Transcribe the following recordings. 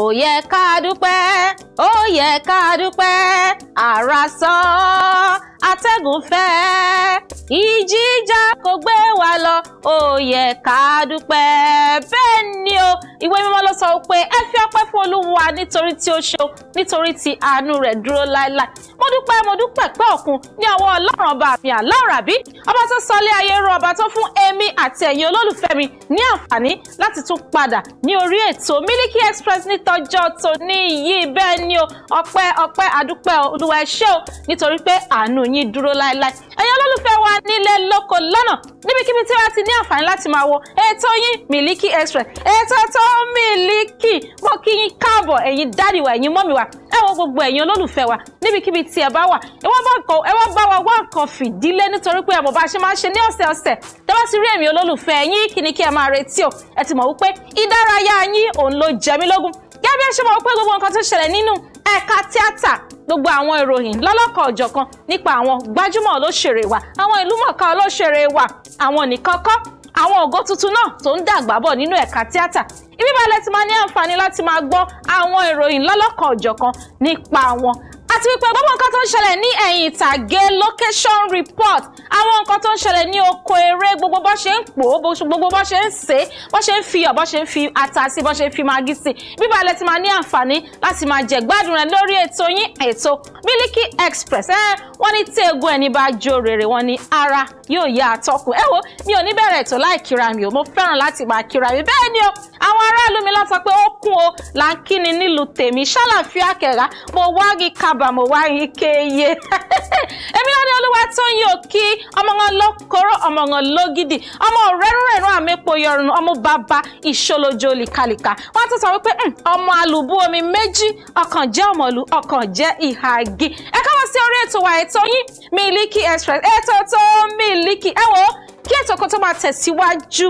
ó yẹ ká dúpẹ́ ó yẹ ká dúpẹ́ àrà sọ atẹ́gùn fẹ́ ìjì jà kò gbé wa lọ ó yẹ ká dúpẹ́ bẹ́ẹ̀ ni o ìwé mímọ́ ló sọ pé ẹ fi ọpẹ́ fún olúwa nítorí tí ó ṣeun nítorí tí àánú rẹ̀ dúró láéláé mo dúpẹ́ mo dúpẹ́ pẹ́ òkun ní ọwọ́ ọlọ́run ọba àfihàn aláwọ̀rábí ọba tó sọlé ayé rọ ọba tó fún èmi àti ẹ̀yin olólùfẹ́ mi ní àǹfààní láti tún padà ní orí ètò Miliki Express ní tọjọ́ tòní yìí bẹ́ẹ̀ ni o ọpẹ́ ọpẹ́ adúpẹ́ olúwa ẹ ṣé o nítorí pé àánú yín dúró láéláé ẹ̀yin olólùfẹ́ wa nílé lóko lọ́nà níbikíbi tí wàá ti ní àǹfààní láti máa wo ètò yín Miliki Express ètò tó Miliki mo kí yín káàbọ̀ ẹ̀yin dáàdì wa ẹ̀yin mọ́mì wa ẹ wo gbogbo ẹ̀yin olólùfẹ́ wa níbikíbi tí ẹ bá wà ẹ wọ́n bá wa wá nǹkan fìdílé nítorí pé àmọ̀ bá ṣe máa ń ṣe ní ọ̀sẹ̀ọ̀sẹ̀ tẹ́ bá ti rí èmi olólùfẹ́ yín kí ni kí ẹ máa retí o ẹ ti mọ̀ wípé ìdárayá yín òun ló jẹ mí lógún gẹ́gẹ́ bí ẹ ṣe mọ̀ wípé gbogbo nǹkan tó ṣẹlẹ̀ nínú ẹ̀ka tíátà gbogbo àwọn ìròyìn lọ́lọ́kọ̀ ọ̀jọ̀kan nípa àwọn gbajúmọ̀ olóṣèré wa àwọn ìlúmọ̀ọ́ká olóṣèré wa àwọn nìkan kọ́ àwọn ògo tuntun náà tó ń dàgbà bọ̀ nínú ẹ̀ka tíátà ibi balẹ̀ ti máa ní àǹfààní láti máa gbọ́ àwọn ìròyìn lọ́lọ́kọ̀ ọ̀jọ̀kan nípa àwọn àti wípé gbogbo nǹkan tó ń ṣẹlẹ̀ ní ẹ̀yìn ìtàgé location report àwọn nǹkan tó ń ṣẹlẹ̀ ní oko eré gbogbo bó ṣe ń pò gbogbo bó ṣe ń sè é bó ṣe ń fi iyọ̀ bó ṣe ń fi ata sí bó ṣe ń fi magi sí bíbá ilẹ̀ ti máa ní àǹfààní láti máa jẹ gbádùn rẹ̀ lórí ètò yín ètò Miliki Express ẹ wọ́n ní tí egun ẹni bá jó rere wọ́n ní ara yóò yá àtọkùn ẹ wo mi ò ní bẹ̀rẹ̀ ètò láì kíra mi ò mo fẹ́ràn láti máa kíra mi bẹ́ẹ̀ ni o àwọn aráàlú mi lọ sọ pé ó kún o là ń kíni nílùú tèmi ṣàlàfíà kẹ̀rá mo wá rí kábà mo wá yín kéye èmi ọdẹ olúwa tó ń yóò kí ọmọ wọn lọkọrọ ọmọ wọn lógidì ọmọ rẹrùnrẹrùn àmẹpọ yọrùn ọmọ bàbá ìṣolójó líkalíka wọn tún sọ wípé hmm, ọmọ alùbú omi méjì ọkàn jẹ́ ọmọlú ọkàn jẹ́ ìhà ẹ káwọn sí orí ètò wa ètò yín Miliki Express ètò tó Miliki ẹ wò ó kí ètò kan tó máa tẹ̀síwájú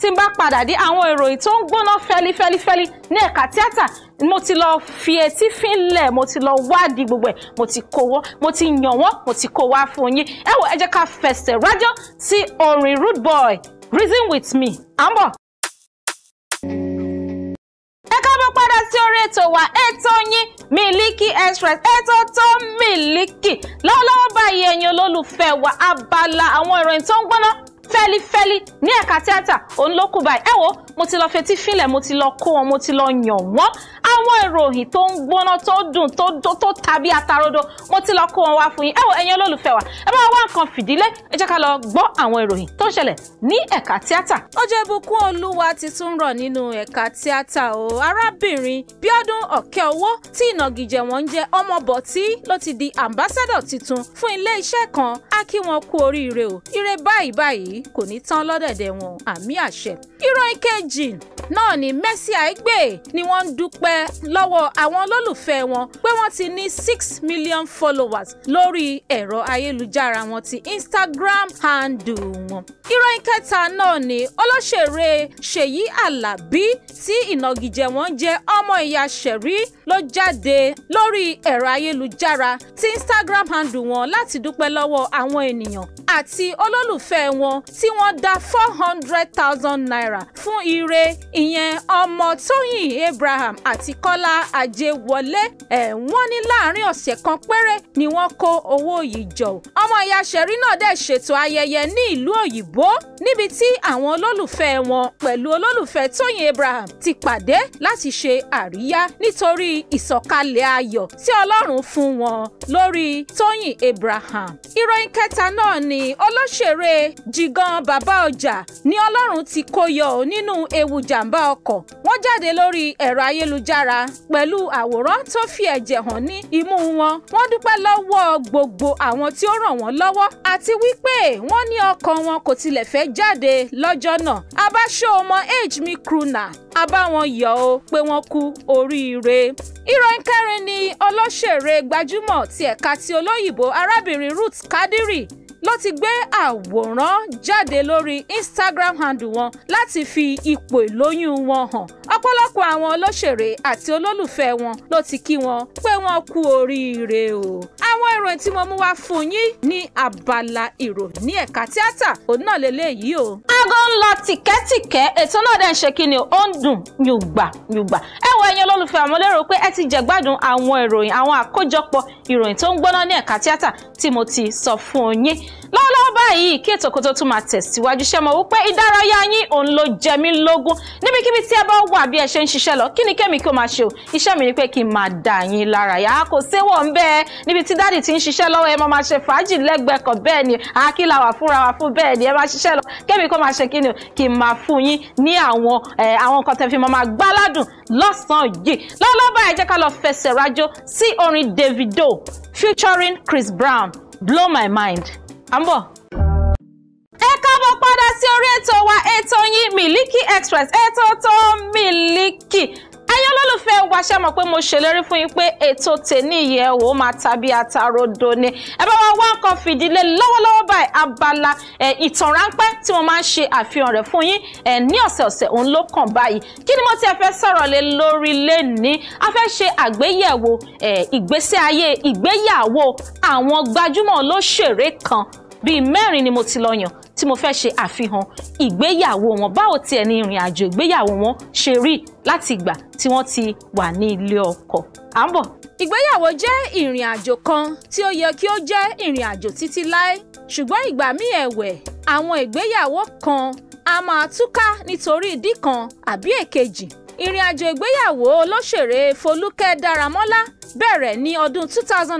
tí n bá padà dé àwọn ìròyìn tó ń gbóná fẹ́lifẹ́lifẹ́li ní ẹ̀ka tíátà mo ti lọ fi etí fínlẹ̀ mo ti lọ wádìí gbogbo ẹ̀ mo ti kó wọ́n mo ti yàn wọ́n mo ti kó wá fún yín ẹ wò ẹ jẹ́ ká fẹsẹ̀ rájọ́ sí orin rude boy reason with me à ń bọ̀ padà sí orí ètò wa ètò yín Miliki Express ètò tó Miliki lọ́wọ́lọ́wọ́ báyìí ẹ̀yin olólùfẹ́ wa abala àwọn ìròyìn tó ń gbóná fẹ́lifẹ́li ní ẹ̀ka tíátà òun ló kù báyìí ẹ wo mo ti lọ fetí fílẹ̀ mo ti lọ kó wọn mo ti lọ yàn wọ́n àwọn ìròyìn tó ń gbóná tó dùn tó tó tàbí atarodo mo ti lọ kó wọn wá fún yín ẹ wo ẹ̀yin olólùfẹ́ wa ẹ bá wá nǹkan fìdílé ẹ jẹ́ ká lọ gbọ́ àwọn ìròyìn tó ń ṣẹlẹ̀ ní ẹ̀ka tíátà. ó jẹ́ Ìbùkún Olúwa ti tún rọ̀ nínú ẹ̀ka tíátà o arábìnrin Bíọ́dún Ọ̀kẹ́owó tí ìnàgìjẹ̀ wọn ń jẹ́ Ọmọbọ̀tí ló ti di ambassador tuntun fún ilé iṣẹ́ kan á kí wọn kú oríire o ire báyìí báyìí kò ní tán lọ́dẹ̀dẹ̀ wọn àmì àṣẹ. ìròyìn kejì méjì náà ni Mercy Aigbe ni wọ́n ń dúpẹ́ lọ́wọ́ àwọn olólùfẹ́ wọn pé wọ́n ti ní six million followers lórí ẹ̀rọ ayélujára wọn ti Instagram handle wọn. ìròyìn kẹta náà ni olóṣèré Ṣèyí Àlàbí tí ìnagijẹ wọn jẹ́ ọmọ ìyá Ṣẹ̀rí ló jáde lórí ẹ̀rọ ayélujára ti Instagram handle wọn láti dúpẹ́ lọ́wọ́ àwọn ènìyàn àti olólùfẹ́ wọn tí wọ́n dá four hundred thousand naira fún ire ìyẹn ọmọ tóyìn abraham àti kọ́lá ajéwọlé ẹ̀ wọ́n ní láàrin ọ̀sẹ̀ kan péré ni wọ́n kó owó yìí jọ ọmọ ìyá sẹ̀rí náà dẹ̀ ṣètò ayẹyẹ ní ìlú òyìnbó níbi tí àwọn olólùfẹ́ wọn pẹ̀lú olólùfẹ́ tóyìn abraham ti pàdé láti ṣe àríyá nítorí ìsọ̀kalẹ̀ ayọ̀ tí ọlọ́run fún wọn lórí tóyìn abraham ìròyìn kẹta náà ni olóṣèré jigan bàbá ọjà ni ọlọ́run ti kó yọ nínú ewu jàǹbá ọkọ̀ wọ́n jáde lórí ẹ̀rọ ayélujára pẹ̀lú àwòrán tó fi ẹ̀jẹ̀ hàn ní imú wọn wọ́n dúpẹ́ lọ́wọ́ gbogbo àwọn tí ó ràn wọ́n lọ́wọ́ àti wípé wọ́n ní ọkàn wọn kò tilẹ̀ fẹ́ jáde lọ́jọ́ náà abáṣọ ọmọ age mi kruna abáwọn yọ̀ ọ́ pé wọ́n kú oríire ìròyìn kẹrin ni ọlọ́ṣèré gbajúmọ̀ ti ẹ̀ka ti olóyìnbó arábìnrin Ruth Kadiri ló ti gbé àwòrán jáde lórí Instagram handle wọn láti fi ipò ìlóyún wọn hàn ọ̀pọ̀lọpọ̀ àwọn olóṣèré àti olólùfẹ́ wọn ló ti kí wọn pé wọ́n kú oríire o àwọn ìròyìn tí mo mú wá fún yín ní abala ìròyìn ní ẹ̀ka tíátà òun náà lélẹ́yìí o aago ń lọ tìkẹ́tìkẹ́ ètò náà dẹ̀ ń ṣe kíni ó ń dùn yùgbà yùgbà ẹ wo ẹ̀yin olólùfẹ́ àmọ́ lérò pé ẹ ti jẹ̀gbádùn àwọn ìròyìn àwọn àkójọpọ̀ ìròyìn tó ń gbóná ní ẹ̀ka tíátà tí mo ti sọ fún yín lọ́wọ́lọ́wọ́ báyìí kí ètò kò tó tún máa tẹ̀síwájú ṣe mọ̀ wípé ìdárayá yín òun ló jẹ mí lógún níbikíbi tí ẹ bá wà bí ẹ ṣe ń ṣiṣẹ́ lọ kí ni kẹ́mi kí o máa ṣe o iṣẹ́ mi ni pé kí n máa dà yín lára yá kò séwọ̀ ń bẹ́ẹ̀ níbi tí dáàdì ti ń ṣiṣẹ́ lọ́wọ́ ẹ máa máa ṣe fàájì lẹ́gbẹ̀ẹ́ kan bẹ́ẹ̀ ni àákìlà wà fúnra wa fún bẹ́ẹ̀ ni ẹ máa ṣiṣẹ́ lọ kẹ́mi kó máa ṣe kí ni o kí n máa fún yín ní àwọn àwọn nǹkan tẹ́ fi máa gbáládùn lọ́sàn-án yìí lọ́wọ́lọ́wọ́ báyìí jẹ́ ká lọ fẹsẹ̀ rájó sí orin Davido featuring Chris Brown blow my mind à ń bọ̀. ẹ káàbọ̀ padà sí orí ètò wa ètò yín Miliki Express ètò tó Miliki olólùfẹ́ wa ṣe mọ̀ pé mo ṣèlérí fún yín pé ètò tèmi yẹ wò máa tàbí àtàròdo ni ẹ bá wa wá nǹkan fìdílé lọ́wọ́lọ́wọ́ báyìí abala ìtàn ráńpẹ́ tí mo máa ń ṣe àfihàn rẹ̀ fún yín ní ọ̀sẹ̀ọ̀sẹ̀ òun ló kàn báyìí kí ni mo ti ẹ fẹ́ sọ̀rọ̀ lé lórí lẹ́ni a fẹ́ ṣe àgbéyẹ̀wò ìgbésí ayé ìgbéyàwó àwọn gbajúmọ̀ olóṣèré kan bíi mẹ́rin ni mo ti lọ yàn tí mo fẹ́ ṣe àfihàn ìgbéyàwó wọn báwo tiẹ̀ ni ìrìn àjò ìgbéyàwó wọn ṣe rí láti ìgbà tí wọ́n ti wà ní ilé ọkọ à ń bọ̀. ìgbéyàwó jẹ́ ìrìn àjò kan tí ó yẹ kí ó jẹ́ ìrìn àjò títí láé ṣùgbọ́n ìgbà míì ẹ̀wẹ̀ àwọn ìgbéyàwó kan a máa túká nítorí ìdí kan àbí èkejì ìrìn àjò ìgbéyàwó olóṣèré Folúkẹ́ Dáramọ́lá bẹ̀rẹ̀ ní ọdún 2005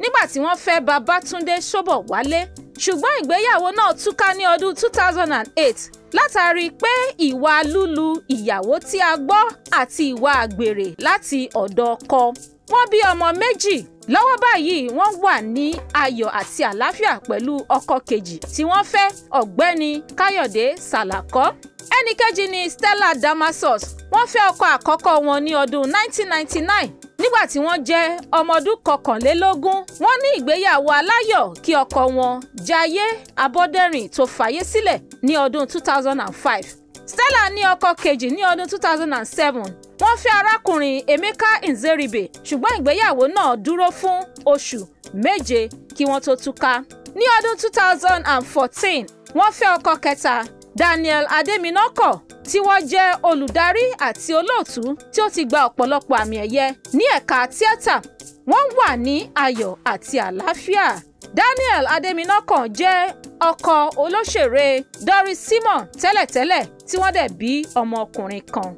nígbà tí wọ́n fẹ́ Babátúndé Ṣóbọ̀wálé ṣùgbọ́n ìgbéyàwó náà túká ní ọdún 2008 látàrí pé ìwà lúlu ìyàwó tí a gbọ́ àti ìwà àgbèrè láti ọ̀dọ̀ ọkọ. wọ́n bí ọmọ méjì lọ́wọ́ báyìí wọ́n wà ní ayọ̀ àti àlàáfíà pẹ̀lú ọkọ kejì tí wọ́n fẹ́ ọ̀gbẹ́ni káyọ̀dé sàlàkọ́ ẹnì kejì ni stella damasus wọ́n fẹ́ ọkọ àkọ́kọ́ wọn ní ọdún 1999 nígbà tí wọ́n jẹ́ ọmọ ọdún kọkànlélógún wọ́n ní ìgbéyàwó aláyọ̀ kí ọkọ wọn jayé abọ́dẹ́rìn tó fàyè sílẹ̀ ní ọdún 2005 Stella ní ọkọ kejì ní ọdún 2007 wọ́n fẹ́ arákùnrin Emeka Nzeribe ṣùgbọ́n ìgbéyàwó náà dúró fún oṣù méje kí wọ́n tó túká ní ọdún 2014 wọ́n fẹ́ ọkọ kẹta Daniel Ademinoko tí wọ́n jẹ́ olùdarí àti olóòtú tí ó ti gba ọ̀pọ̀lọpọ̀ àmì ẹ̀yẹ ní ẹ̀ka tíátà wọ́n wà ní ayọ̀ àti àlàáfíà Daniel Adéminọ́kàn jẹ́ ọkọ olóṣèré Doris Simon tẹ́lẹ̀tẹ́lẹ̀ tí wọ́n dẹ̀ bí ọmọkùnrin kan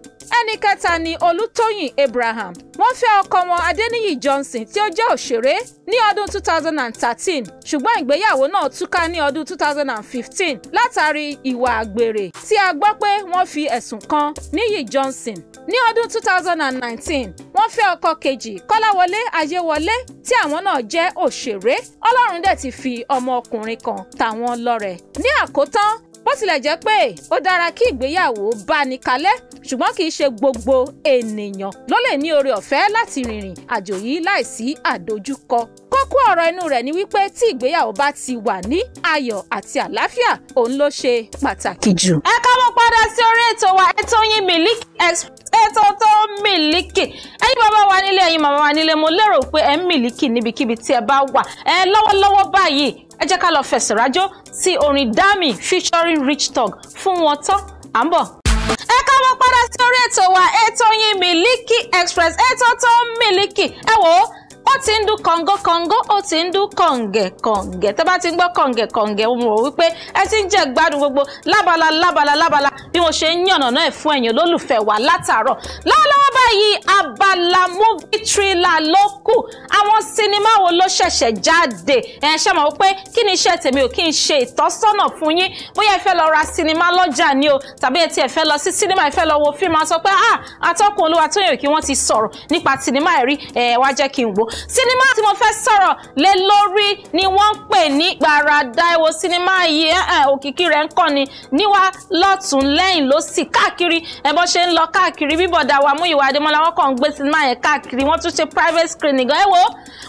ẹni kẹta ni olùtóyìn abraham wọ́n fẹ́ ọkọ wọn adéníyì johnson tí ó jẹ́ òṣèré ní ọdún 2013 ṣùgbọ́n ìgbéyàwó náà túká ní ọdún 2015 látàrí ìwà àgbèrè tí a gbọ́ pé wọ́n fi ẹ̀sùn kan níyì johnson ní ọdún 2019 wọ́n fẹ́ ọkọ kejì kọ́láwọlé ayéwọlé tí àwọn náà jẹ́ òṣèré ọlọ́run dẹ̀ ti fi ọmọ ọkùnrin kan tàwọn lọ́rẹ ní àkótán bó tilẹ̀ jẹ́ pé ó dára kí ìgbéyàwó bá ní kalẹ̀ ṣùgbọ́n kì í ṣe gbogbo ènìyàn ló lè ní oore ọ̀fẹ́ láti rìnrìn àjò yìí láìsí àdojúkọ kókó ọ̀rọ̀ inú rẹ̀ ni wípé tí ìgbéyàwó bá ti wà ní ayọ̀ àti àlàáfíà òun ló ṣe pàtàkì jù. ẹ káàbọ̀ padà sí orí ètò wa ètò yín Miliki Express ètò tó ń Miliki ẹ̀yin bàbá wa nílé ẹ̀yin màmá wa nílé mo lérò pé ẹ ń Miliki níbikíbi tí ẹ bá wà ẹ lọ́wọ́lọ́wọ́ báyìí ẹ jẹ́ ká lọ fẹsẹ̀ rájó sí orin Dami featuring Rich Talk fún wọn tán à ń bọ̀ ẹ káwọ́ padà sí orí ètò wa ètò yín Miliki Express ètò tó ń miliki ẹ wò ó ó ti ń dún kọ̀ǹgọ́kọ̀ǹgọ́ ó ti ń dún kọ̀ǹgẹ̀kọ̀ǹgẹ̀ tẹ́ bá ti ń gbọ́ kọ̀ǹgẹ̀kọ̀ǹgẹ̀ mo rò wípé ẹ ti ń jẹ́ gbádùn gbogbo lábala lábala lábala bí mo ṣe ń yànnàná ẹ̀ fún ẹ̀yin olólùfẹ́ wa látàárọ̀ lọ́wọ́lọ́wọ́ báyìí abala movie trailer ló kù àwọn sinimá wo ló ṣẹ̀ṣẹ̀ jáde ẹ̀ ṣe mọ̀ pé kí ni iṣẹ́ tèmi ò kí n ṣe ìtọ́sọ́nà fún yín bóyá ẹ fẹ́ lọ ra sinimá lọ́jà ni o tàbí ẹ ti ẹ fẹ́ lọ sí sinimá ẹ fẹ́ lọ wo fíìmù sọ pé ah atọ́kùn Olúwatóyìn Òkí wọ́n ti sọ̀rọ̀ nípa sinimá ẹ̀rí ẹ̀ wá jẹ́ kí n wò sinimá tí mo fẹ́ sọ̀rọ̀ lé lórí ni wọ́n ń pè ní Gbàràdà ẹ wo sinimá yìí òkìkí rẹ̀ ń kọ́ ni níwá lọ́tún lẹ́yìn ló sì káàkiri ẹ̀ ṣe ń lọ káàkiri bíbọ̀dà wa Múyìwá Adémọ́lá wọn kàn ń gbé sinimá yẹn káàkiri wọ́n tún ṣe private screening gan ẹ wo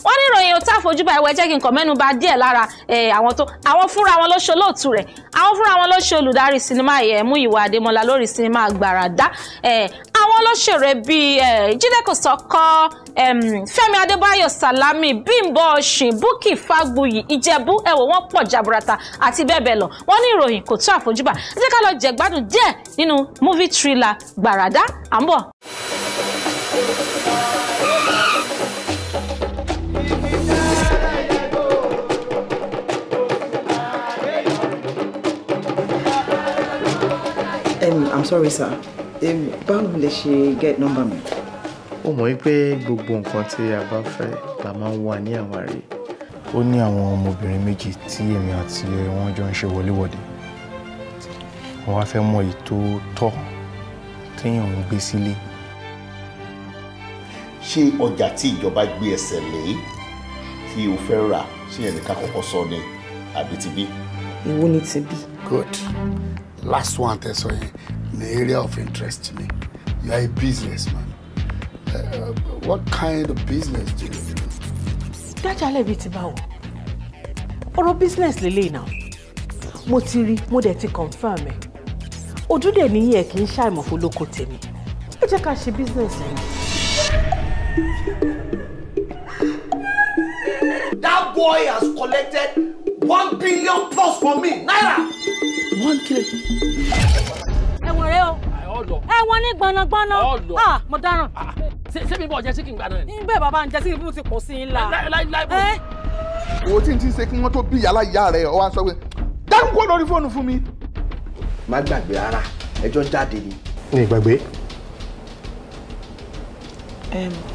wọ́n ní ìròyìn ò táfojú bá ẹwẹ́ jẹ́ kí n kàn mẹ́nu bà díẹ̀ lára àwọn tó àwọn fúnra wọn ló ṣe olóòtú rẹ̀ àwọn fúnra wọn ló ṣe olùdarí sinimá yẹn Múyìwá Adémọ́lá lórí sinimá Gbàràdá àwọn olóṣèré bíi Jídé Kòsọ́kọ́ Fẹ́mi Adébáyọ̀ Sàlámì Bímbọ́ Ọ̀ṣìn Búkì Fágbuyì Ìjẹ̀bú ẹ̀wọ̀ wọn pọ̀ jaburata àti bẹ́ẹ̀ bẹ́ẹ̀ lọ wọ́n ní ìròyìn kò tó àfojúbà ẹ jẹ́ ká lọ jẹ̀gbádùn díẹ̀ nínú movie thriller Gbàràdá à i'm sorry sir eh, báwo lè ṣe get number me. Oh my, mi. ó mọ̀ pé gbogbo nǹkan tí a bá fẹ́ la máa ń wà ní àwárí. ó ní àwọn ọmọbìnrin méjì tí èmi àti wọn jọ ń ṣe wọléwọ̀de wọn wá fẹ́ mọ èyí tó tọ́ téèyàn ń gbé sílé. ṣé ọjà tí ìjọba gbé ẹsẹ̀ lé tí o fẹ́ rà ṣé yẹn nìkan kọ́kọ́ sọ ni You tibí. need to be good last one that's all an area of interest to me. You are a businessman. Uh, what kind of business do you do? Dájà lẹ́bi ti bá wọ̀. Ọ̀rọ̀ business lélẹ́yìn náà. Mo ti rí mo confirm me. Ojú dẹ̀ níyì ẹ̀ kì í ṣàìmọ̀ fún lóko tèmi. Ẹ jẹ́ ká ṣe business That boy has collected one billion plus for me naira. One kilo ẹ wọn ní gbọnagbọna ah mo dáràn. Ah, ṣé mi bọ̀ jẹ́ síkì gbà náà ni. nígbà bàbá ń jẹ síkì fún ti pọ̀ sí i ńlá. òwò eh? tí n ti ṣe kí wọ́n tó bí ìyá aláìyá rẹ̀ ọ wá sọ pé dákun kó lórí fóònù fún mi. má gbàgbé rárá ẹjọ́ jáde ni. ní ìgbàgbé.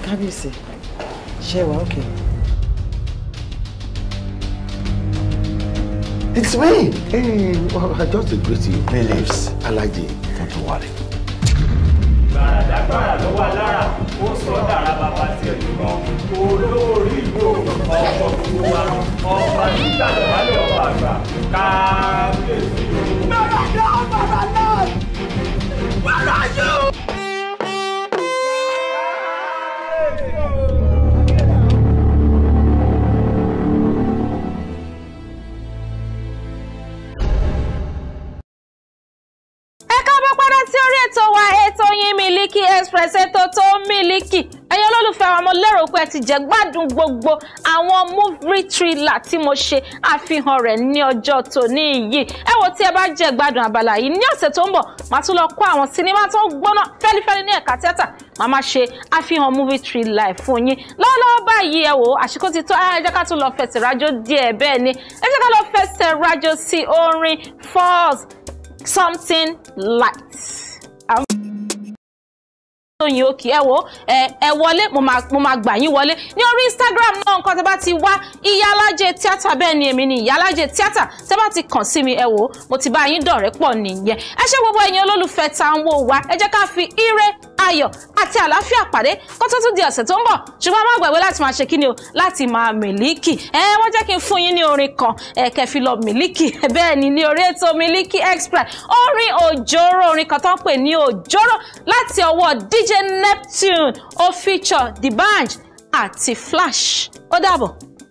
kábíyèsí ṣe wà ókè. It's me! Hey, eh, well, I just agreed to your beliefs, Alaji. Don't worry lágbára ló wà lára ó sọ dára bàbá tiẹ̀ nìkan olórí ìlú ọkọ̀ gbogbo wa ọba nígbà lọ́wọ́ lè ọba àgbà kábíyèsí. bàbá náà bàbá náà wọ́n lọ́jọ́. yín Miliki Express ètò tó Miliki ẹ̀yin olólùfẹ́ àwọn ọmọlẹ́rọ pé ẹ ti jẹ́ gbádùn gbogbo àwọn movie thriller tí mo ṣe àfihàn rẹ̀ ní ọjọ́ tòní yìí ẹ wo tí ẹ bá jẹ́ gbádùn abala yìí ní ọ̀sẹ̀ tó ń bọ̀ màá tún lọ kó àwọn sinimá tó gbóná fẹ́lifẹ́li ní ẹ̀ka tíátà màá máa ṣe àfihàn movie thriller fún yín lọ́wọ́lọ́wọ́ báyìí ẹ wò àsìkò ti tó ẹ jẹ́ ká tún lọ fẹsẹ̀ rájò díẹ̀ bẹ́ẹ̀ ni ẹ jẹ́ ká lọ fẹsẹ̀ rájò sí orin falls something light. Tóyìn Òkì ẹ wo ẹ wọlé mo máa gbà yín wọlé ní orí Instagram náà nǹkan tó bá ti wá Ìyálájé tíátà bẹ́ẹ̀ ni èmi ni Ìyálájé tíátà tẹ́ bá ti kàn sí mi ẹ wò mo ti bá yín dọ̀rẹ́ pọ̀ nìyẹn ẹ ṣé gbogbo ẹ̀yin olólùfẹ́ tá ń wò wá ẹ jẹ́ ká fi ire ayọ̀ àti àlàáfíà pàdé kó tó tún di ọ̀sẹ̀ tó ń bọ̀ ṣùgbọ́n má gbàgbé láti máa ṣe kíni o láti máa mílíkì ẹ wọ́n jẹ́ kí n fún yín ní orin kan ẹ kẹfì lọ mílíkì bẹ́ẹ̀ ni ní orí ètò mílíkì express orin òjòrò orin kan tó ń pè ní òjòrò láti ọwọ́ DJ Neptune ó feature the band àti Flash ó dàbọ̀.